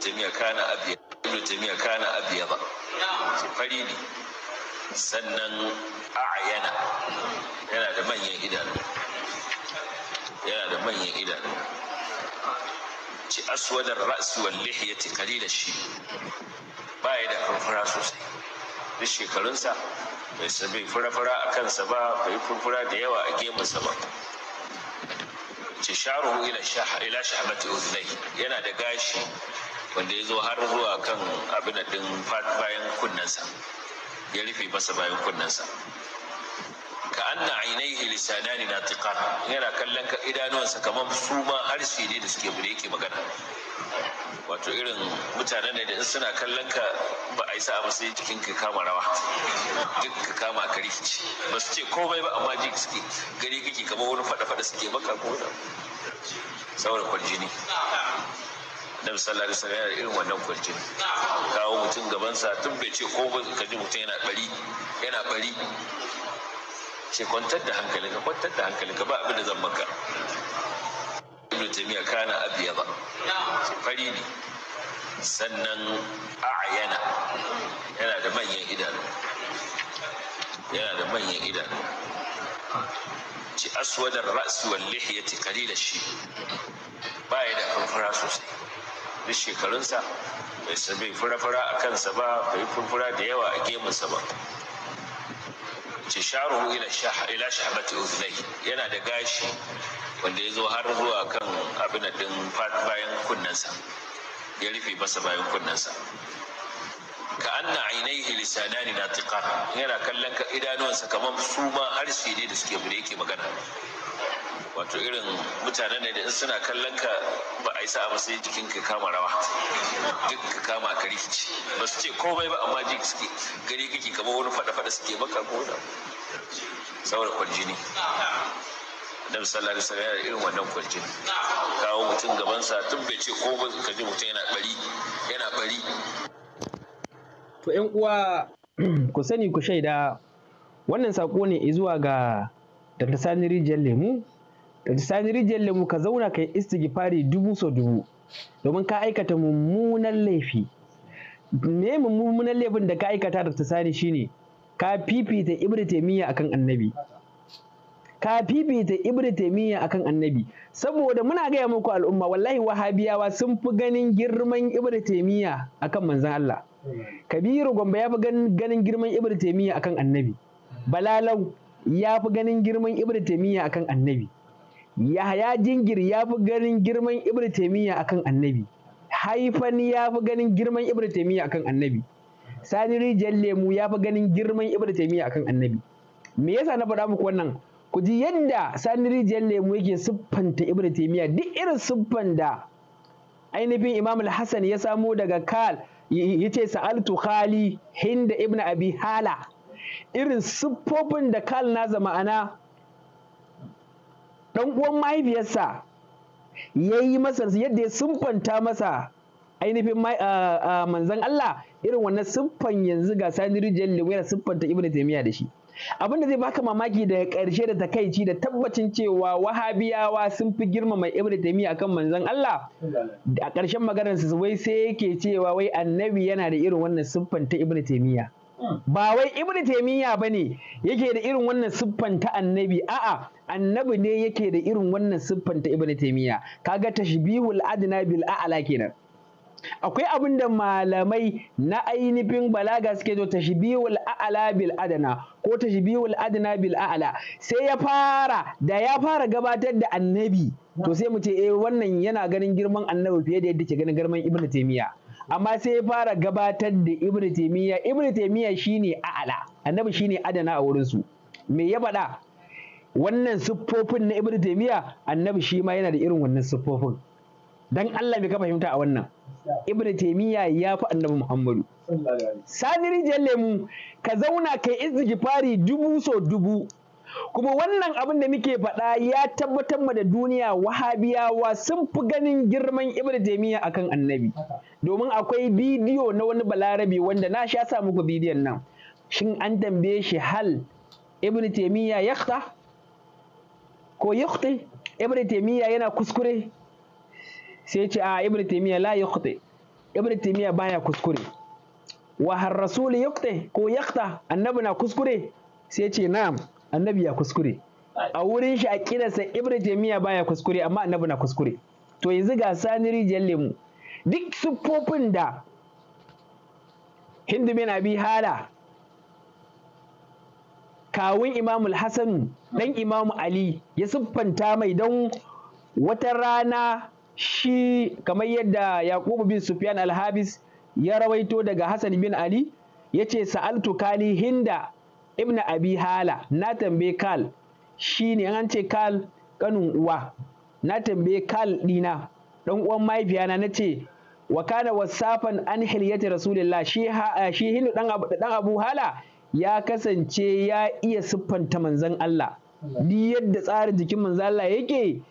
taymiya kana abiya ibn taymiya kana abiya ba fari ne sannan a'yana yana da manyan idanu yana da manyan idanu ci aswadar ra'su wal lihiyati qalila shi baya da furfura sosai duk shekarunsa bai bai furfura a kansa ba bai furfura da yawa a gemunsa ba ci sharuhu ila shah ila shahbati udhnai yana da gashi wanda ya zo har zuwa kan abin da din bayan kunnensa ya rufe masa bayan kunnensa ka anna ainihi lisanani na tiqan yana kallon ka idanuwansa kamar su ma harshe ne da suke bude yake magana wato irin mutanen da in suna kallon ka ba a yi sa'a ba sai jikin ka kama rawa duk ka kama ka rikici ba su ce komai ba amma jiki suke gari kake kamar wani fada-fada suke maka ko saboda kwaljini na sallallahu alaihi yana da irin wannan kwalcin. kawo mutum gabansa tun bai ce ko ba ka ji mutum yana bari yana bari ce kwantar da hankalinka kwantar da Ka ba abin da zan maka ibn taymiya kana abyada fari ne sannan a'yana yana da manyan idanu yana da manyan idanu ci aswadar ra'si wal lihyati qalil Ba baya da farfara sosai duk shekarunsa bai bai fura a kansa ba bai furfura da yawa a gemunsa ba ce sharuhu ila shahabati uzlai yana da gashi wanda ya zo har zuwa kan abin din bayan kunnansa ya rufe masa bayan kunnensa ka anna ainihi lisanani natiqan yana kallon ka idanuwansa kamar su ma harshe ne da suke bude yake magana wato irin mutane ne da in suna kallon ka ba a yi sa'a ba sai jikin ka kama rawa duk ka kama ka rikici ba su ce komai ba amma jiki suke gari kiki kamar wani fada-fada suke baka ko da saboda kwaljini annabi sallar da wasallam da irin wannan kwaljini kawo mutum gaban sa tun bai ce ko bai ka ji mutum yana bari yana bari to ƴan uwa ku sani ku shaida wannan sako ne zuwa ga Dr. Sani Rijiyar Lemu ka ji sani rijiyar lemu ka zauna ka yi istighfari dubu so dubu domin ka aikata mummunan laifi me mummunan laifin da ka aikata da sani shine ka fifita ibri taimiyya akan annabi ka fifita ibri taimiyya akan annabi saboda muna gaya muku al'umma wallahi wahabiyawa sun fi ganin girman ibri taimiyya akan manzon Allah kabiru gombe ya fi ganin girman ibri taimiyya akan annabi balalau ya fi ganin girman ibri taimiyya akan annabi yahaya jingir ya fi ganin girman ibn taimiyya akan annabi haifan ya fi ganin girman ibn taimiyya akan annabi sani rijiyar lemu ya fi ganin girman ibn taimiyya akan annabi me yasa na faɗa muku wannan ku ji yadda sani rijiyar lemu yake siffanta ibn taimiyya duk irin siffan da ainihin imam hassan ya samo daga kal ya ce sa'altu khali hinda ibn abi hala irin siffofin da kal na ma'ana ɗan uwan mahaifiyarsa ya yi masa yadda ya sumfanta masa ainihin manzan Allah irin wannan siffan yanzu ga sani rijiyar lewera sumfanta ibn taimiyya da shi abin da zai baka mamaki daga ƙarshe da takaici da tabbacin cewa wahabiyawa sun fi girmama ibn taimiyya akan manzan Allah a ƙarshen maganar su wai sai yake cewa wai annabi yana da irin wannan siffan ta ibn taimiyya ba wai ibn taimiyya bane yake da irin wannan siffan ta annabi a'a annabi ne yake da irin wannan siffan ta ibnu taymiya kaga tashbihul adna bil a'la kenan akwai abin da malamai na ainihin balaga suke zo tashbihul a'la bil adna ko tashbihul adna bil a'la sai ya fara da ya fara gabatar da annabi to sai mu ce eh wannan yana ganin girman annabi fiye da yadda ke ganin girman Ibn taymiya amma sai ya fara gabatar da Ibn taymiya Ibn taymiya shine a'la annabi shine adana a wurin su me ya faɗa wannan siffofin na ibnu taymiya annabi shi ma yana da irin wannan siffofin dan Allah me ka fahimta a wannan ibnu taymiya ya fi annabi muhammadu saniri lemu ka zauna kai istighfari dubu so dubu kuma wannan abin da muke faɗa ya tabbatar ma da duniya wahabiyawa sun fi ganin girman ibnu taymiya akan annabi domin akwai bidiyo na wani balarabi wanda na sha sa muku bidiyon nan shin an tambaye shi hal ibnu taymiya yakhta ko yukhti ibn taymiya yana kuskure sai ce a ah, ibn taymiya la yukhti ibn taymiya baya kuskure wa har rasul yukhti ko yakhta annabi na kuskure sai ce na'am annabi ya kuskure a wurin shi aqidarsa ibn taymiya baya kuskure amma annabi na kuskure to yanzu ga sani rijiyar lemu duk siffofin da hindu bin abi hala kawun Imam Hassan ɗan Imamu Ali ya siffanta mai don wata rana shi kamar yadda Yakubu bin Sufyan Alhabis ya rawaito daga Hassan bin Ali ya ce sa'altu kali hinda ibn abi hala na tambaye kal shi ne an ce kal kanun uwa na tambaye kal dina dan uwan mahaifiyana na ce wa kana wasafan an hilyati rasulillah shi shi hindu dan abu, dan abu hala ya kasance ya iya siffanta manzan Allah ni yadda tsarin jikin manzan Allah yake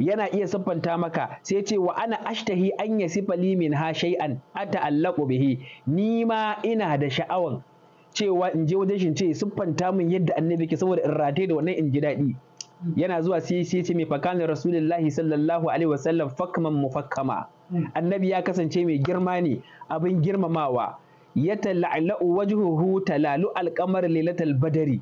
yana iya siffanta maka sai ce wa ana ashtahi an ya sifali min ha shay'an ata'allaqu bihi ni ma ina da sha'awan cewa in je wajen shi ce siffanta min yadda annabi ke saboda in rataye da wannan in ji daɗi yana zuwa sai sai ce mai fakan rasulullahi sallallahu alaihi wasallam fakman mufakkama annabi ya kasance mai girma ne abin girmamawa Ya yatala'la'u wajhuhu talalu alqamar lilatal badari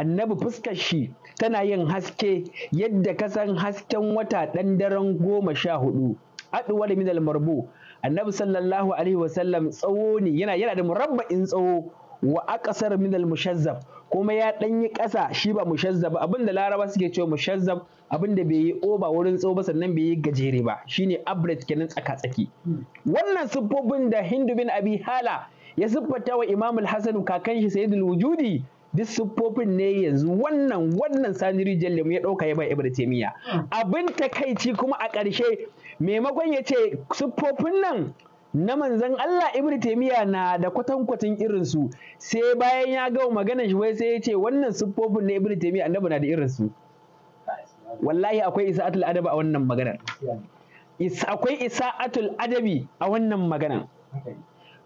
annabi fuskar shi tana yin haske yadda ka san hasken wata ɗan daren goma sha hudu aduwar minal marbu annabi sallallahu alaihi wasallam tsawo ne yana yana da murabba'in tsawo wa aqsar minal mushazzab kuma ya ɗan yi ƙasa shi ba mushazzab da laraba suke cewa mushazzab da bai yi oba wurin tsawo ba sannan bai yi gajere ba shine average kenan tsaka-tsaki hmm. wannan siffofin da hindu bin abi hala ya siffata wa Imam al kakan shi Sayyidul Wujudi duk siffofin ne yanzu wannan wannan saniri jallemu ya ɗauka ya bai Ibn Taymiya abin takaici kuma a ƙarshe maimakon ya ce siffofin nan na manzan Allah Ibn Taymiya na da kwatankwatin irinsu sai bayan ya gawo maganar shi wai sai ya ce wannan siffofin na Ibn Taymiya annabi na da irinsu wallahi akwai isa'atul adabi a wannan maganar akwai isa'atul adabi a wannan magana.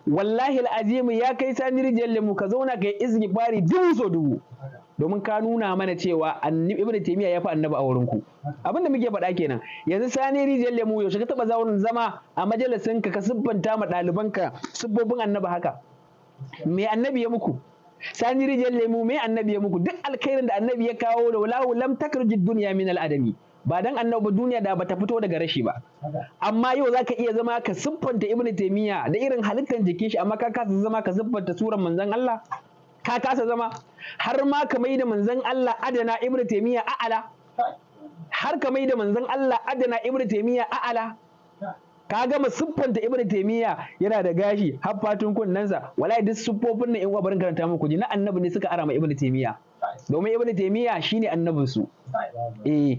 wallahi al'azimu ya kai sani rijiyar lemu ka zauna ka yi istighfari dubu so dubu domin ka nuna mana cewa ibnu taymiya ya fi annabi a wurin ku abin da muke faɗa kenan yanzu sani rijiyar lemu yaushe ka taba zauna zama a majalisin ka ka siffanta ma ɗalibanka sibbobin annabi haka me annabi ya muku sani rijiyar lemu me annabi ya muku duk alkhairin da annabi ya kawo da walahu lam takrujid dunya min al adami ba dan annabi duniya da bata fito daga rashi ba amma yau zaka iya zama ka siffanta ibnu taymiya da irin halittar jikin shi amma ka kasa zama ka siffanta suran manzon Allah ka kasa zama har ma ka maida manzon Allah adana ibnu taymiya a'ala har ka maida manzon Allah adana ibnu taymiya a'ala ka gama siffanta ibnu taymiya yana da gashi har fatun kunnensa wallahi duk siffofin nan in uwa barin karanta muku ji na annabi ne suka arama ibnu taymiya domin ibnu taymiya shine annabinsu. eh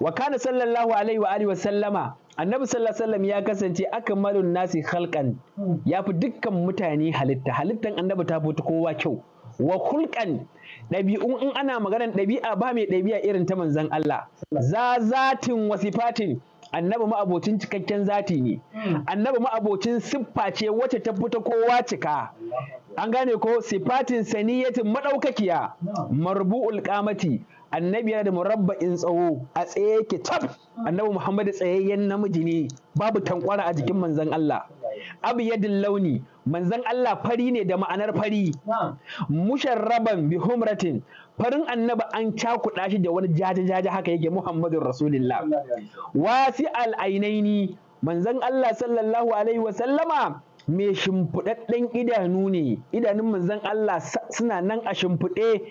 wa kana sallallahu alaihi wa alihi wa sallama annabi sallallahu alaihi wasallam ya kasance akmalun nasi khalqan ya fi dukkan mutane halitta halittan annabi ta fi kowa kyau wa khulqan ɗabi'un in ana maganar ɗabi'a ba mai ɗabi'a irin ta manzan Allah za zatin wasifatin annabi ma'abocin cikakken zati ne annabi ma'abocin siffa ce wacce ta fita kowa cika an gane ko sifatin saniyatin madaukakiya marbu'ul qamati annabi yana da murabba'in tsawo a tsaye yake tab annabi muhammadu tsayayyen namiji ne babu tankwara a jikin manzan Allah abu yadin launi manzon Allah fari ne da ma'anar fari mushar bi bihumratin farin annabi an cakuɗa shi da wani jaje-jaje haka yake muhammadun rasulullah wasi al'ainaini manzan Allah sallallahu alaihi wa mai shimfiɗaɗɗen idanu ne idanun manzon Allah suna nan a shimfiɗe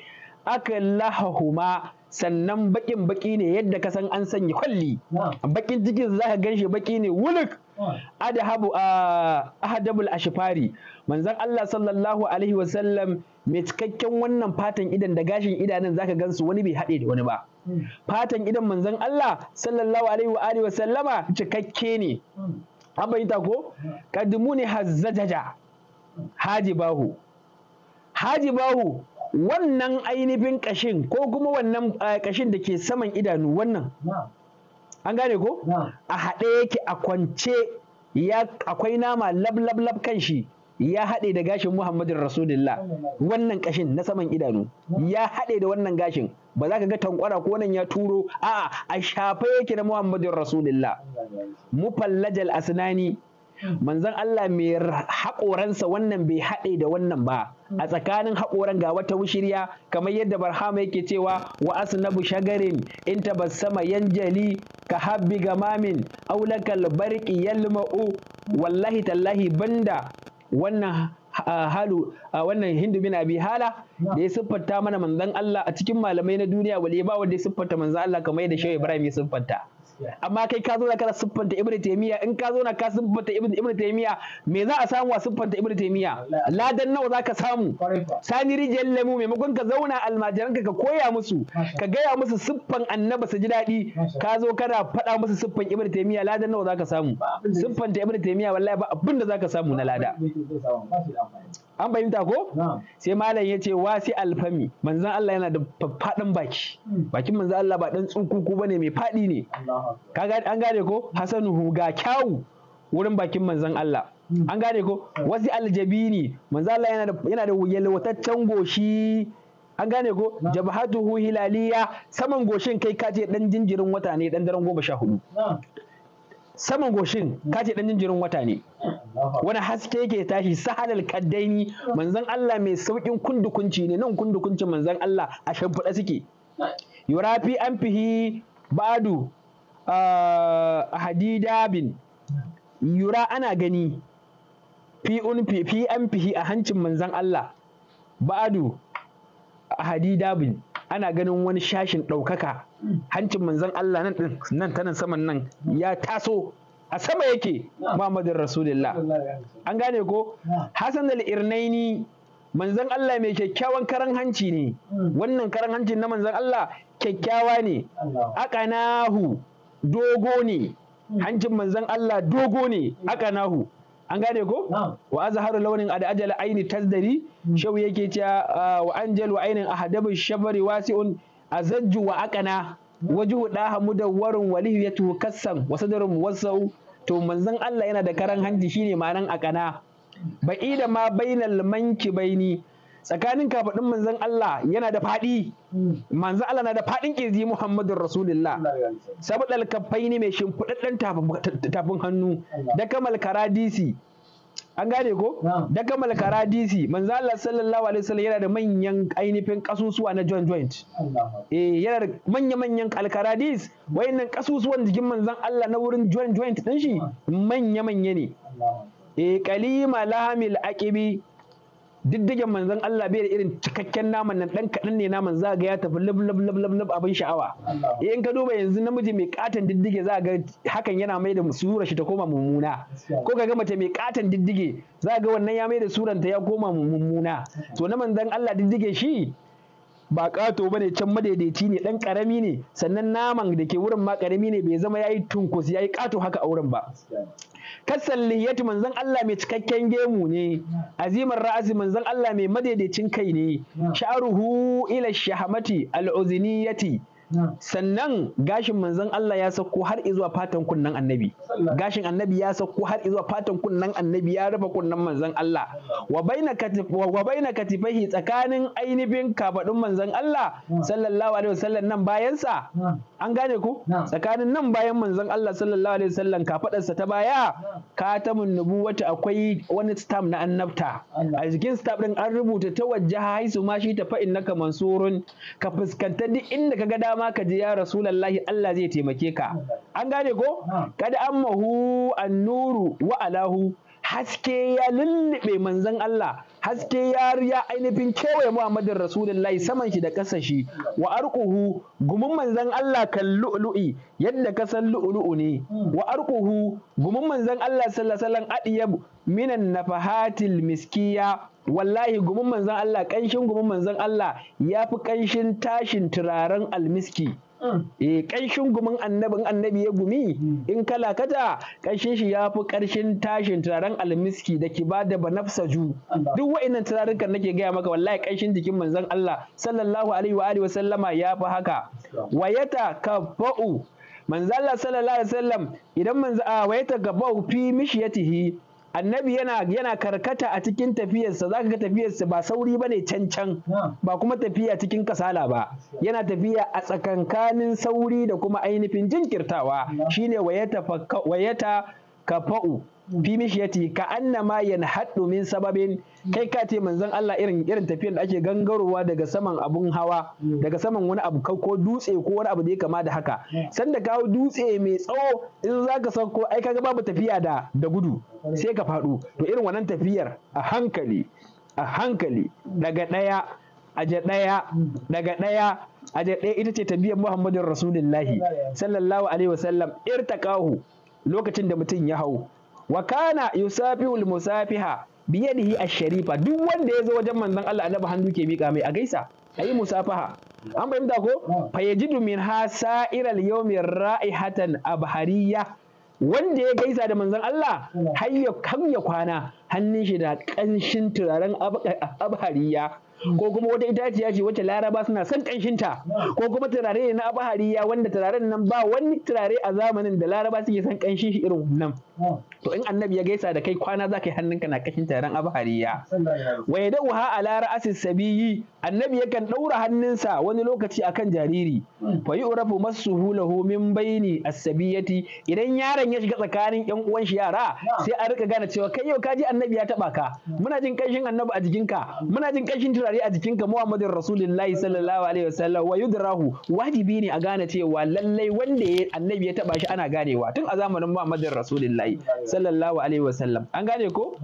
aka lahahuma sannan bakin baki ne yadda ka san an sanya kwalli bakin jikin za ka ganshi baki ne wuluk Ada habu a ah, ahadabul ashfari manzon Allah sallallahu alaihi wasallam mai cikakken wannan fatan idan da gashin idanun zaka gansu wani bai haɗe da wani ba hmm. fatan idan manzon Allah sallallahu alaihi wa alihi wasallama cikakke ne hmm. an bayyana ko kadmuni hazzajaja Haji bahu. wannan ainihin kashin ko kuma wannan eh, kashin da ke saman idanu wannan an gane ko a haɗe yake a kwance akwai nama lab lab lab kan shi ya haɗe da gashin muhammadin rasulullah wannan kashin na saman idanu ya haɗe da wannan gashin ba za ka ga tankwara ko nan ya turo a'a a shafe yake na muhammadin rasulullah mufallajal asnani manzon Allah mai haƙoransa wannan bai haɗe da wannan ba a tsakanin haƙoran ga wata wushirya kamar yadda barhama yake cewa wa asnabu shagarin in tabassama yanjali ka habbi gamamin aulakal barqi yalma'u wallahi tallahi banda wannan ah, halu ah, wannan hindu bin abi hala da ya siffanta mana manzon Allah a cikin malamai na duniya wale ba wanda ya siffanta manzon Allah kamar yadda Shehu Ibrahim ya siffanta amma kai ka zo na kana siffanta ibnu taymiya in ka zo na ka siffanta ibnu taymiya me za a samu a siffanta ibnu taymiya ladan nawa zaka samu sani rijal lamu maimakon ka zauna almajiranka ka koya musu ka gaya musu siffan annaba su ji dadi ka zo kana faɗa musu siffan ibnu taymiya ladan nawa zaka samu siffanta ibnu taymiya wallahi ba abin da zaka samu na lada an fahimta ko sai malam ya ce wasi alfami manzan Allah yana da faɗin baki hmm. bakin manzan Allah ba dan tsukuku bane mai faɗi ne kaga an gane ko hasanu ga kyawu wurin bakin manzan Allah hmm. an gane ko hmm. wasi aljabini manzan Allah yana da yana da yalwataccen goshi an gane ko jabhatuhu hilaliya saman goshin kai kace dan jinjirin wata ne dan daren goma sha hudu saman goshin kace dan jinjirin wata ne wani haske yake tashi sahalal kaddaini manzon Allah mai saukin kundukunci ne nan kundukuncin manzon Allah a shimfiɗa suke yurafi an fihi badu ah, bin yura ana gani fi fi an fihi a hancin manzon Allah ba'adu bin ana ganin wani shashin ɗaukaka hancin manzon Allah nan ta nan saman nan ya taso a sama yake Muhammadin Rasulullah an gane ko Hassan al-Irnaini manzon Allah mai kyakkyawan karan hanci ne wannan karan hancin na manzon Allah kyakkyawa ne Akanahu, dogo ne hmm. hancin manzon Allah dogo ne hmm. Akanahu. an gane ko wa azharu launin ad ajal aini tazdari hmm. shawu yake cewa ah, wa anjal wa ainin ahadabu shabari wasi'un azajju wa aqana hmm. wajhu daha mudawwarun waliyu yatu kassan wa sadrun wasau to manzon Allah yana da karan hanji shine ma'anan aqana hmm. ba'ida ma bainal manki baini tsakanin kafaɗin manzon Allah yana da faɗi manzon Allah na da faɗin ƙirji Muhammadun Rasulullah sabdal alkafai ne mai shimfiɗaɗɗen tafin hannu da kamal karadisi an gane ko da kamal karadisi manzo Allah sallallahu alaihi wasallam yana da manyan ainihin kasusuwa na joint joint eh yana da manya manyan alkaradis wayannan kasusuwan jikin manzon Allah na wurin joint joint din shi manya manya ne eh kalima lahamil aqibi diddigen manzon Allah bai da irin cikakken naman nan dan kaɗan ne naman za ga ya tafi lab lab lab lab lab abin sha'awa in ka duba yanzu namiji mai katon diddige za ga hakan yana mai da surar shi ta koma mummuna ko ka ga mace mai katon diddige za ga wannan ya mai da suran ta ya koma mummuna to na manzon Allah diddige shi ba ƙato ba ne can madaidaici ne dan ƙarami ne sannan naman da ke wurin ma ƙarami ne bai zama yayi yi tunkus ya yi ƙato haka a wurin ba kasan lihiyatu manzon Allah mai cikakken gemu ne azimar ra'asi manzon Allah mai madaidaicin kai ne sha'ruhu ila shahamati al'uziniyati sannan gashin manzon Allah ya sauko har zuwa fatan kunnan annabi gashin annabi ya sauko har zuwa fatan kunnan annabi ya rufe kunnan manzon Allah wa baina wa baina katifahi tsakanin ainihin kafadun manzon Allah sallallahu alaihi wasallam nan bayansa an gane ku tsakanin nan bayan manzon Allah sallallahu alaihi wasallam kafadarsa ta baya katamun nubuwata akwai wani stamp na annabta a jikin stamp din an rubuta ta wajja haisu ma shi tafa innaka mansurun ka fuskanta duk inda ka ga dama ka ji ya rasulullahi Allah zai taimake ka an gane ko kada an annuru wa alahu haske ya lullube manzon Allah haske yariya riya ainihin kewaye Muhammadin Rasulullahi saman shi da ƙasa shi wa arquhu gumin manzon Allah kan lu'lu'i yadda ka san lu'lu'u ne wa arquhu gumin manzon Allah sallallahu alaihi wasallam adiyab minan nafahatil miskiya wallahi gumin manzon Allah kanshin gumin manzon Allah yafi kanshin tashin turaren almiski Mm. Eh ƙanshin gumin annabin annabi ya gumi mm. in ka lakata ƙanshin shi ya fi ƙarshen tashin turaren almiski da ki ba da ju. duk wa'innan turarukan nake gaya maka wallahi ƙanshin jikin manzon Allah sallallahu alaihi wa alihi wa sallama ya fi haka wayata ba'u? manzon Allah sallallahu alaihi wa sallam idan manzo a wayata ba'u fi mishiyatihi annabi yana yana karkata a cikin tafiyarsa zaka ga tafiyarsa ba sauri ba ne can can ba kuma tafiya cikin kasala ba yana tafiya a tsakankanin sauri da kuma ainihin jinkirtawa shine wayata kafa'u fi mishiyati ka mayan yanhaddu min sababin kai ka ce manzon Allah irin irin tafiyar da ake gangarowa daga saman abun hawa daga saman wani abu ko dutse ko wani abu da ya kama da haka sanda kawo dutse mai tsawo in ka sauko ai kaga babu tafiya da da gudu sai ka faɗo to irin wannan tafiyar a hankali a hankali daga ɗaya aje ɗaya daga ɗaya aje ɗaya ita ce tabiyar Muhammadun Rasulullahi sallallahu alaihi wasallam irtaqahu lokacin da mutum ya hau wa kana yusafihul musafiha biyadihi ash-sharifa duk wanda ya zo wajen manzon Allah annabi hannu ke mika mai a gaisa ayi musafaha an fahimta ko fa yajidu min ha sa'iral yawmi ra'ihatan abhariya wanda ya gaisa da manzon Allah har ya kwana hannun shi da kanshin turaren abhariya ko kuma wata itaciya ce wacce laraba suna son kanshinta ko kuma turare na abahariya wanda turaren nan ba wani turare a zamanin da laraba suke son kanshin shi irin nan to in annabi ya gaisa da kai kwana za ka yi hannunka na kashin turaren abahariya wa ya da'uha lara ra'asis sabiyi annabi yakan ɗaura hannunsa wani lokaci akan jariri fa yi yu'rafu masuhu lahu min baini as-sabiyati idan yaron ya shiga tsakanin yan uwan shi yara sai a rika gane cewa kai yau ka ji annabi ya taba ka muna jin ƙanshin annabi a jikinka muna jin kanshin turare a ka Muhammadin Rasulullahi sallallahu alaihi wasallam wa yudrahu wajibi ne a gane cewa lallai wanda ya annabi ya taba shi ana ganewa tun a zamanin Muhammadin Rasulullahi sallallahu alaihi wasallam an gane ko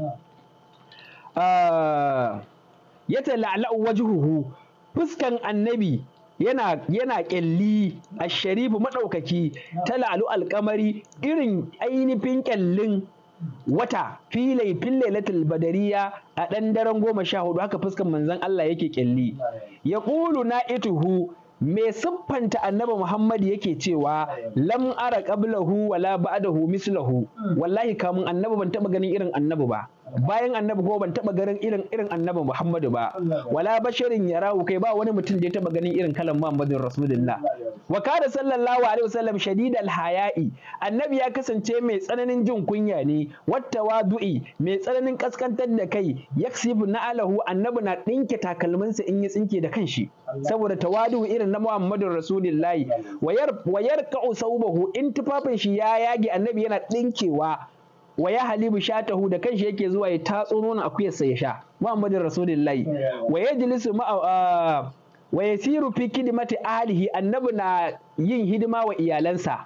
ah, ya tala'la'u wajhuhu fuskan annabi yana yana kyalli asharifu madaukaki tala'lu alkamari irin ainihin kyallin wata filai fille latil badariya a ɗan daren goma sha hudu haka fuskan manzon Allah yake kyalli ya ƙulu na ituhu mai siffanta annabi Muhammad yake cewa lam ara qablahu wala ba'dahu mislahu wallahi kamun annabi ban taɓa ganin irin annabi ba bayan annabi ko ban taba ganin irin irin annabi Muhammadu ba wala basharin yarahu kai ba wani mutum da ya taba ganin irin kalan Muhammadu Rasulullah wa kada sallallahu alaihi wasallam shadidal haya'i annabi ya kasance mai tsananin jin kunya ne wattawadu'i mai tsananin kaskantar da kai yaksibu na alahu annabi na dinke takalminsa in ya tsinke da kanshi saboda tawadu irin na Muhammadu Rasulullah wayar yarqa'u saubahu in tufafin shi ya yage annabi yana dinkewa wa ya halibu shatahu da kanshi yake zuwa ya tatso nonon akuyar sa ya sha Muhammadin Rasulullahi wa jilisu ma wa siru fi kidimati alihi annabi na yin hidima wa iyalansa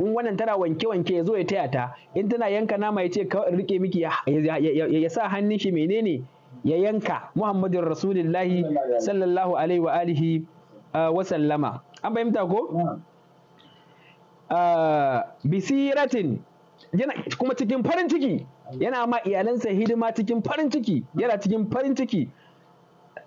in wannan tana wanke wanke ya zo ya taya ta in tana yanka nama ya ce ka rike miki ya sa hannun shi menene ya yanka Muhammadin Rasulullahi sallallahu alaihi wa alihi wa sallama an fahimta ko bisiratin kuma cikin farin ciki yana ma iyalansa hidima cikin farin ciki yana cikin farin ciki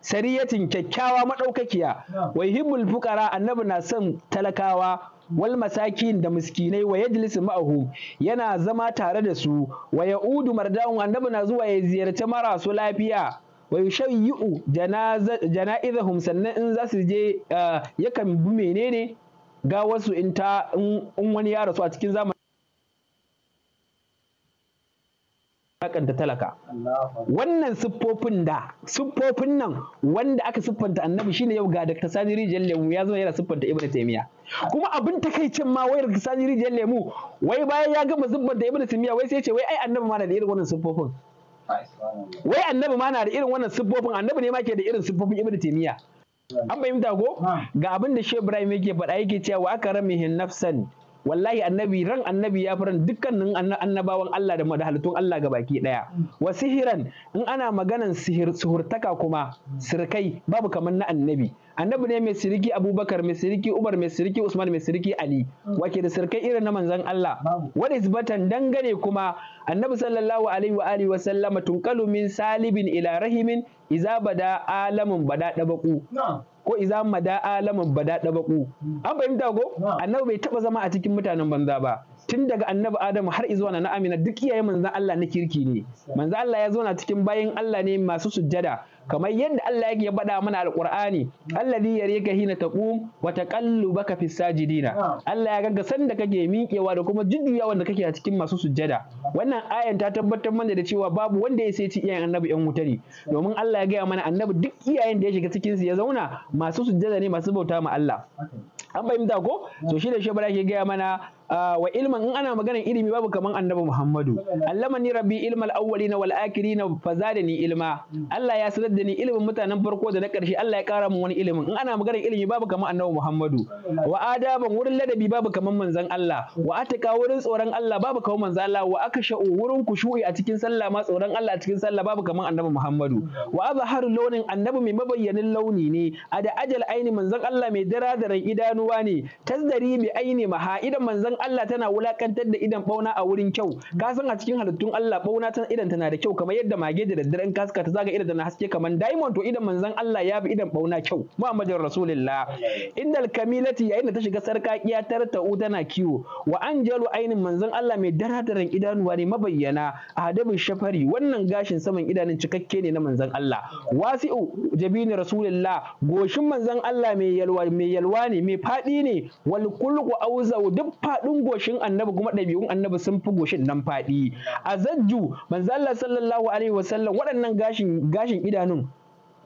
sariyatin kyakkyawa madaukakiya wa himmul fuqara annabi na son talakawa wal masakin da miskinai wa yajlisu ma'ahu yana zama tare da su wa ya'udu mardaun annabi na zuwa ya ziyarci marasu lafiya wa yushayyu jana'izahum sannan in za je eh, yakan bi menene ga wasu in ta in wani ya rasu a cikin zamani alakanta talaka wannan siffofin da siffofin nan wanda aka siffanta annabi shine yau ga Dr. Sani rijiyar Lemu ya zama yana siffanta Ibn Taymiyyah kuma abin takaicin ma wayar Dr. Sani rijiyar Lemu wai bayan ya gama siffanta Ibn Taymiyyah wai sai ya ce wai ai annabi ma na da irin wannan siffofin wai annabi ma na da irin wannan siffofin annabi ne ma ke da irin siffofin Ibn Taymiyyah an bayyanta ko ga abin da Shehu Ibrahim yake faɗa yake cewa aka ramihin nafsan wallahi annabi ran annabi ya faran dukkanin annabawan Allah da madahalatun Allah ga baki daya wa sihiran in ana maganan sihir suhurtaka kuma sirkai babu kamar na annabi annabi ne mai siriki abubakar mai siriki umar mai siriki usman mai siriki ali wake da sirkai irin na manzon Allah what is batan dangane kuma annabi sallallahu alaihi wa alihi wa sallama tunqalu min salibin ila rahimin iza bada alamun bada dabaku ko iza mada alaman bada dabaku an fahimta ko annabi bai taba zama a cikin mutanen banza ba tun daga annabi adamu har izuwa na amina duk iyaye manzan Allah na kirki ne manzan Allah ya na cikin bayin Allah ne masu sujjada kamar yadda Allah ya faɗa mana alqur'ani alladhi yarika hina taqum wa taqallubaka fis sajidina ah. Allah ya ga sanda kake miƙewa da kuma jujjuyawa da kake a cikin masu sujjada wannan ayan ta tabbatar mana da cewa babu wanda ya sai iyayen annabi yan wuta ne domin Allah ya gaya mana annabi duk iyayen da ya shiga cikin su ya zauna masu sujjada ne masu bauta ma Allah an fahimta ko to shi da shi bara ke gaya mana Ah, wa ilman in ana maganar ilimi babu kaman annabi Muhammadu allamani rabbi ilmal awwalina wal akhirina fazadani ilma Allah ya sanar da ni ilimin mutanen farko da na karshe Allah ya kara min wani ilimin in ana maganar ilimi babu kaman annabi Muhammadu wa adaban wurin ladabi babu kaman manzon Allah wa ataka wurin tsoron Allah babu kaman manzon Allah wa wurin kushu'i a cikin sallah ma tsoron Allah a cikin sallah babu kaman annabi Muhammadu wa azharu launin annabi mai mabayyanin launi ne a da ajal aini manzon Allah mai dara da ran idanuwa ne tazdari bi aini maha idan manzon Allah tana wulakantar da idan bauna a wurin kyau ka san a cikin halittun Allah bauna ta idan tana da kyau kamar yadda mage da daddare in kaska ta zaga idan tana haske kamar diamond to idan manzon Allah ya bi idan bauna kyau Muhammadur Rasulullah innal kamilati yayin da ta shiga sarkakiya tar u tana kiwo wa anjalu ainin manzon Allah mai daradaran idanuwa ne mabayyana hadabin shafari wannan gashin saman idanun cikakke ne na manzon Allah wasi'u jabini Rasulullah goshin manzon Allah mai yalwa mai yalwa ne mai fadi ne wal kulqu duk faɗin goshin annabi kuma ɗabi'un annabi sun fi goshin nan faɗi a zajju manzo Allah sallallahu alaihi wasallam waɗannan gashin gashin idanun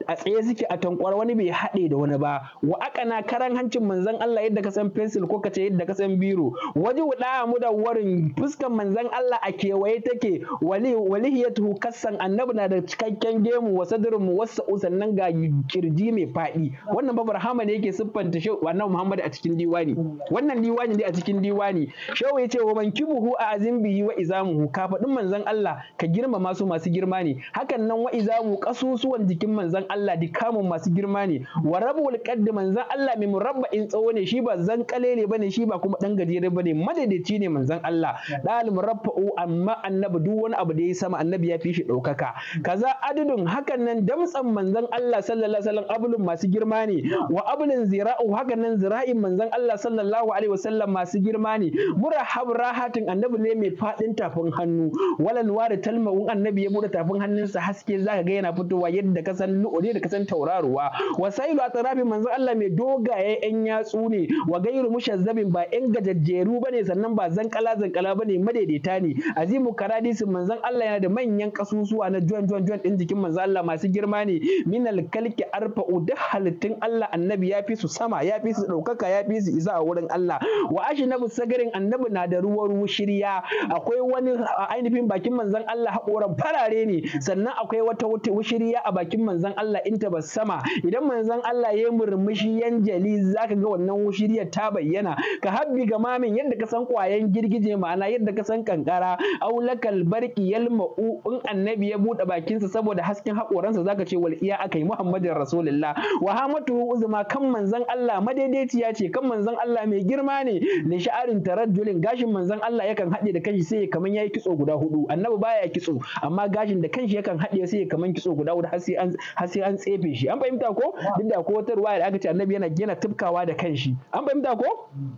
a tsaye suke a tankwar wani bai haɗe da wani ba wa na karan hancin manzan Allah yadda ka san pencil ko ka ce yadda ka san biro waje wuda mu da warin fuskan manzan Allah a kewaye take wali walihiyatu kassan annabi na da cikakken gemu wa sadrun mu wasu sannan ga kirji mai faɗi wannan babar hama ne yake siffanta shi wannan Muhammad a cikin diwani wannan diwani ne a cikin diwani shawo yace wa man kibuhu a azim bihi wa izamuhu ka manzon Allah ka girmama su masu girma ne hakan nan wa izamu kasusuwan jikin manzan Allah di kamun masu girma ne wa rabul qaddi manzan Allah mai murabba'in tsawo ne shi ba zan kalele bane shi ba kuma dan gajere bane madaidaici ne manzan Allah dal murabba'u amma annabi duk wani abu da ya sama annabi ya fi shi daukaka kaza adadun hakan nan damtsan manzan Allah sallallahu alaihi wasallam abulun masu girma ne wa abulun zira'u hakan nan zira'in manzan Allah sallallahu alaihi wasallam masu girma ne murahab rahatin annabi ne mai fadin tafin hannu walan da talmawun annabi ya bude tafin hannunsa haske zaka ga yana fitowa yadda ka san lu'u kore da kasan tauraruwa wasailu a tsarafi manzo Allah mai dogaye yan yatsu ne wa gairu mushazzabin ba yan gajajjeru bane sannan ba zankala zankala bane madaidaita ne azimu karadisin manzon Allah yana da manyan kasusuwa na jon jon jon din jikin manzon Allah masu girma ne minal kalki arfa duk halittun Allah annabi ya fi su sama ya fi su ɗaukaka ya fi su isa a wurin Allah wa na sagarin annabi na da ruwan shirya akwai wani ainihin bakin manzon Allah haƙoran farare ne sannan akwai wata shirya a bakin manzon Allah Allah in ba sama idan manzon Allah ya murmushi yan jali zaka ga wannan shirya ta bayyana ka habbi ga mamin yadda ka san kwayan girgije ma'ana yadda ka san kankara aulakal barki yalma'u in annabi ya bude bakinsa saboda hasken hakoransa zaka ce wal iya akai muhammadin rasulullah wa hamatu uzma kan manzon Allah madaidaiciya ce kan manzon Allah mai girma ne li sha'arin tarajjulin gashin manzon Allah yakan haɗe da kanshi sai kaman yayi kitso guda hudu annabi baya kitso amma gashin da kanshi yakan haɗe sai kaman kitso guda hudu har sai sai an tsefe shi an fahimta ko duk da ko wata ruwaya da aka ce annabi yana gina tubkawa da kanshi an fahimta ko mm.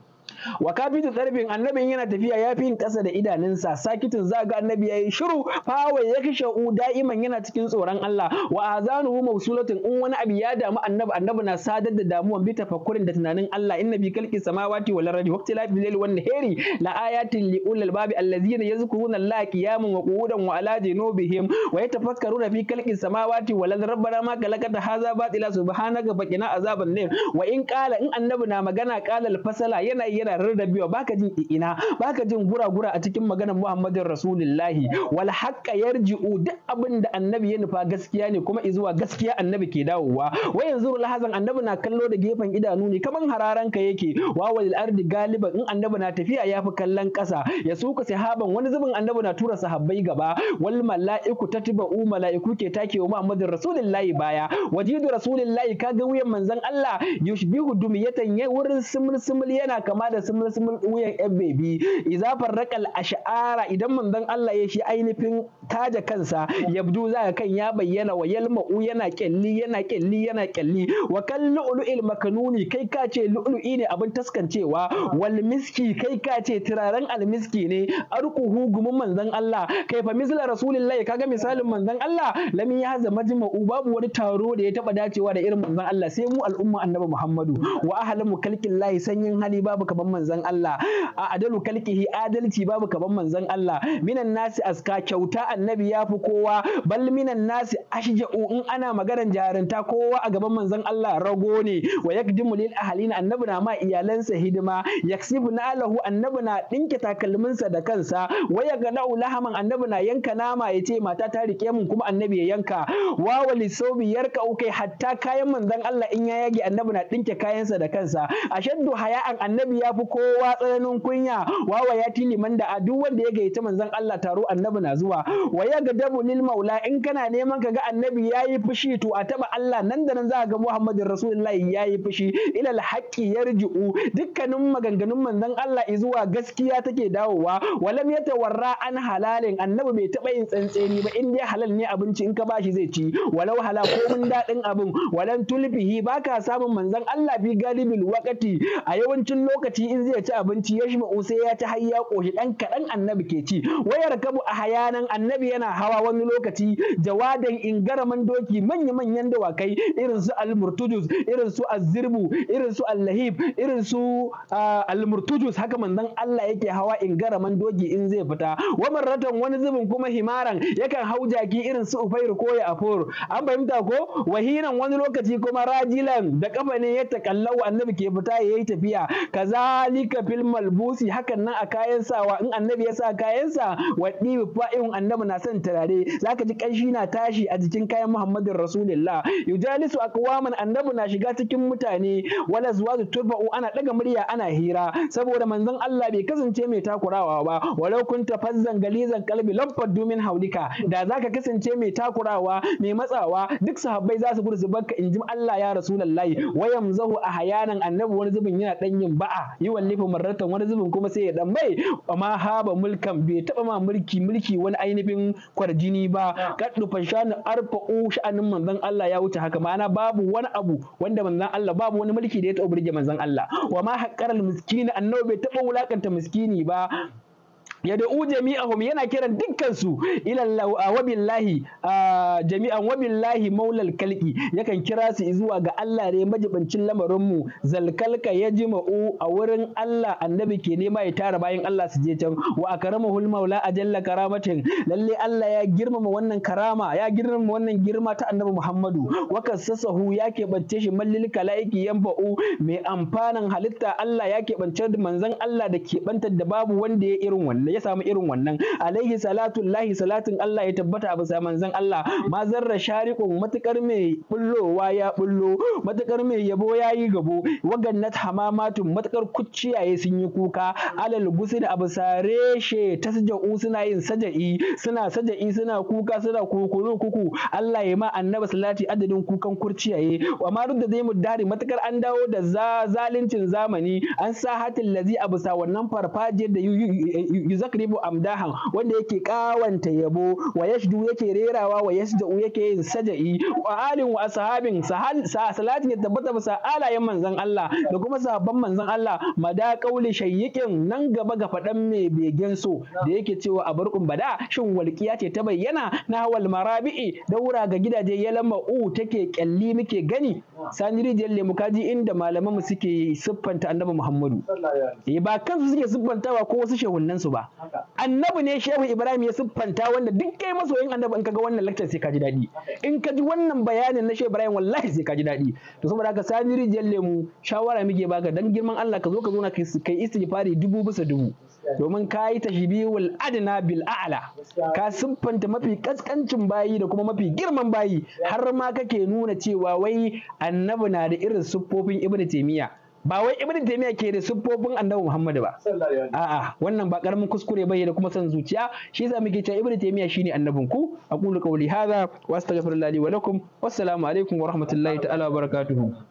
wa kafitu darbin annabin yana tafiya ya fi yin ƙasa da idanunsa sakitin za ga annabi ya yi shiru fawai ya kashe u da'iman yana cikin tsoron Allah wa azanuhu mawsulatin in wani abu ya damu annabi annabi na sadar da damuwan bi tafakkurin da tunanin Allah inna bi kalki samawati wal ardi waqti la bil wal nahari la ayatin li ulil babi allazina yazkuruna Allah qiyaman wa qu'udan wa ala junubihim wa yatafakkaruna fi kalki samawati wal ardi rabbana ma khalaqta hadha batila subhanaka faqina azaban nar wa in qala in annabi na magana qala al fasala yana yana yana rarrabewa baka jin ina baka jin gura-gura a cikin magana Muhammadin Rasulullahi wal haqqa yarji'u duk abin da annabi ya nufa gaskiya ne kuma izuwa gaskiya annabi ke dawowa wa yanzu lahazan annabi na kallo da gefen idanu ne kaman hararan ka yake wa wal ardi galiban in annabi na tafiya yafi kallon kasa ya suka sahaban wani zubin annabi na tura sahabbai gaba wal mala'iku u mala'iku ke takewa Muhammadin Rasulullahi baya wajidu Rasulullahi ga wuyan manzon Allah yushbihu dumiyatan ya wurin simul simul yana kama da da sumul sumul wuyan yan bebi iza farraqal ash'ara idan manzon Allah ya shi ainihin taja kansa yabdu za ka kan ya bayyana wa yalma'u yana kyalli yana kyalli yana kyalli wa kallu'lu'il makanuni kai ka ce lu'lu'i ne abin taskancewa wal miski kai ka ce turaren almiski ne arkuhu gumun manzon Allah kai fa misla rasulillahi kaga misalin manzon Allah lam yahza jima'u babu wani taro da ya taba dacewa da irin manzon Allah sai mu al'umma annabi Muhammadu wa ahlamu kalkillahi sanyin hali babu kamar kaman manzon Allah a adalu kalkihi adalci babu kaman manzon Allah minan nasi aska kyauta annabi ya fi kowa bal minan nasi ashja'u in ana maganar jarinta kowa a gaban manzon Allah rago ne wa yakdimu lil ahalina annabi na ma iyalansa hidima yaksibu na alahu annabi na dinke takalminsa da kansa waya gana'u lahaman annabi na yanka nama ya ce mata ta rike mun kuma annabi ya yanka wa wali sobi yarka ukai hatta kayan manzon Allah in ya yage annabi na dinke kayansa da kansa ashaddu haya'an annabi ya fi kowa tsananin kunya wawa ya tini man da a duk wanda ya gayyaci manzon Allah taro annabi na zuwa wa ya dabu lil maula in kana neman ka ga annabi yayi fushi to a taba Allah nan da nan za ga Muhammadin Rasulullahi yayi fushi ila haqqi yarji'u dukkanin maganganun manzon Allah zuwa gaskiya take dawowa walam yatawarra an halalin annabi bai taba yin tsantseni ba in dai halal ne abinci in ka bashi zai ci walau hala mun daɗin abin walan tulbihi baka samun manzon Allah bi galibil waqati a yawancin lokaci in zai ci abinci ya shi sai ya ci har ya koshi dan kaɗan annabi ke ci wayar kabu a hayanan annabi yana hawa wani lokaci jawadan ingaraman doki manya-manyan dawakai irin su almurtujus irin su Azirbu, irin su allahib irin su almurtujus haka manzon Allah yake hawa ingaraman doki in zai fita Wamar ratan wani zubin kuma himaran yakan hau jaki irin su ufairu ko ya afur an fahimta ko wahinan wani lokaci kuma rajilan da kafa ne ya kallau annabi ke fita ya yi tafiya kaza zalika fil malbusi hakan nan a kayan sawa in annabi ya sa kayan sa wa dibi fa'in annabi na san turare zaka ji kanshi na tashi a jikin kayan Muhammadin Rasulullah yujalisu aqwaman annabi na shiga cikin mutane wala zuwa turba'u ana daga murya ana hira saboda manzon Allah bai kasance mai takurawa ba walau kunta fazzan galizan kalbi lamfar dumin haulika da zaka kasance mai takurawa mai matsawa duk sahabbai za su gudu su barka in ji Allah ya Rasulullahi wayam zahu a hayanan annabi wani zubin yana dan yin ba'a yuwallifu marratan wani zubin kuma sai ya dan mai amma haba mulkan bai taba ma mulki mulki wani ainihin kwarjini ba ah. kaddu arfa arfa'u sha'anin manzon Allah ya wuce haka ma'ana babu wani abu wanda manzon Allah babu wani mulki da ya taba burge manzon Allah wa ma haqqaral miskini annabi bai taba wulakanta miskini ba ya da'u jami'ahum yana kiran dukkan su wa jami'an wa billahi maulal kalki yakan kira su zuwa ga Allah ne majibancin lamarin mu zalkalka yajma'u a wurin Allah annabi ke nema ya tara bayan Allah su je can wa akramahul maula ajalla karamatin lalle Allah ya girmama wannan karama ya girmama wannan girma ta annabi Muhammadu wa sassahu ya keɓance shi mallil kalaiki yanfa'u mai amfanan halitta Allah ya keɓance manzon Allah da keɓantar da babu wanda ya irin wannan da ya samu irin wannan alaihi salatu lahi salatin Allah ya tabbata bisa manzon Allah ma zarra shariqun matukar mai bullowa ya bullo matukar mai yabo yayi gabo wagannat hamamatun matukar kuciyaye sun yi kuka alal gusin abu sare she tasja'u suna yin saja'i suna saja'i suna kuka suna kukuru kuku Allah ya ma annabi salati adadin kukan kurciyaye wa ma rudda zai dari matukar an dawo da zalincin zamani an sa hatin lazi abu wannan farfajiyar da zakribu amdahan wanda yake kawanta yabo wa yashdu yake rerawa wa yasda'u yake yin saja'i wa alin wa ashabin salatin ya tabbata sa alayen manzon Allah da kuma sahabban manzon Allah mada kauli shayyikin nan gaba ga faɗan mai begen so da yake cewa a barkun bada shin walqiya ce ta bayyana na wal marabi'i daura ga gidaje ya u take kyalli muke gani sani rijiyar lemu kaji inda malaman mu suke siffanta annabi muhammadu eh, ba kansu suke siffantawa ko wasu shehunnan su ba annabi ne shehu ibrahim ya siffanta wanda duk kai masoyin annabi in kaga wannan lecture sai kaji daɗi in ka ji wannan bayanin na shehu ibrahim wallahi sai kaji daɗi to saboda haka sani rijiyar lemu shawara muke baka dan girman Allah ka zo ka zo na kai istighfari dubu bisa dubu domin ka yi tashbihul adna bil a'la ka siffanta mafi kaskancin bayi da kuma mafi girman bayi har ma kake nuna cewa wai annabi na da irin siffofin ibnu taymiya ba wai ibnu taymiya ke da siffofin annabi muhammadu ba a'a wannan ba karamin kuskure bane da kuma san zuciya shi yasa muke cewa ibnu taymiya shine annabin ku aqulu qawli hadha wa astaghfirullahi wa lakum wassalamu alaikum wa rahmatullahi ta'ala wa barakatuhu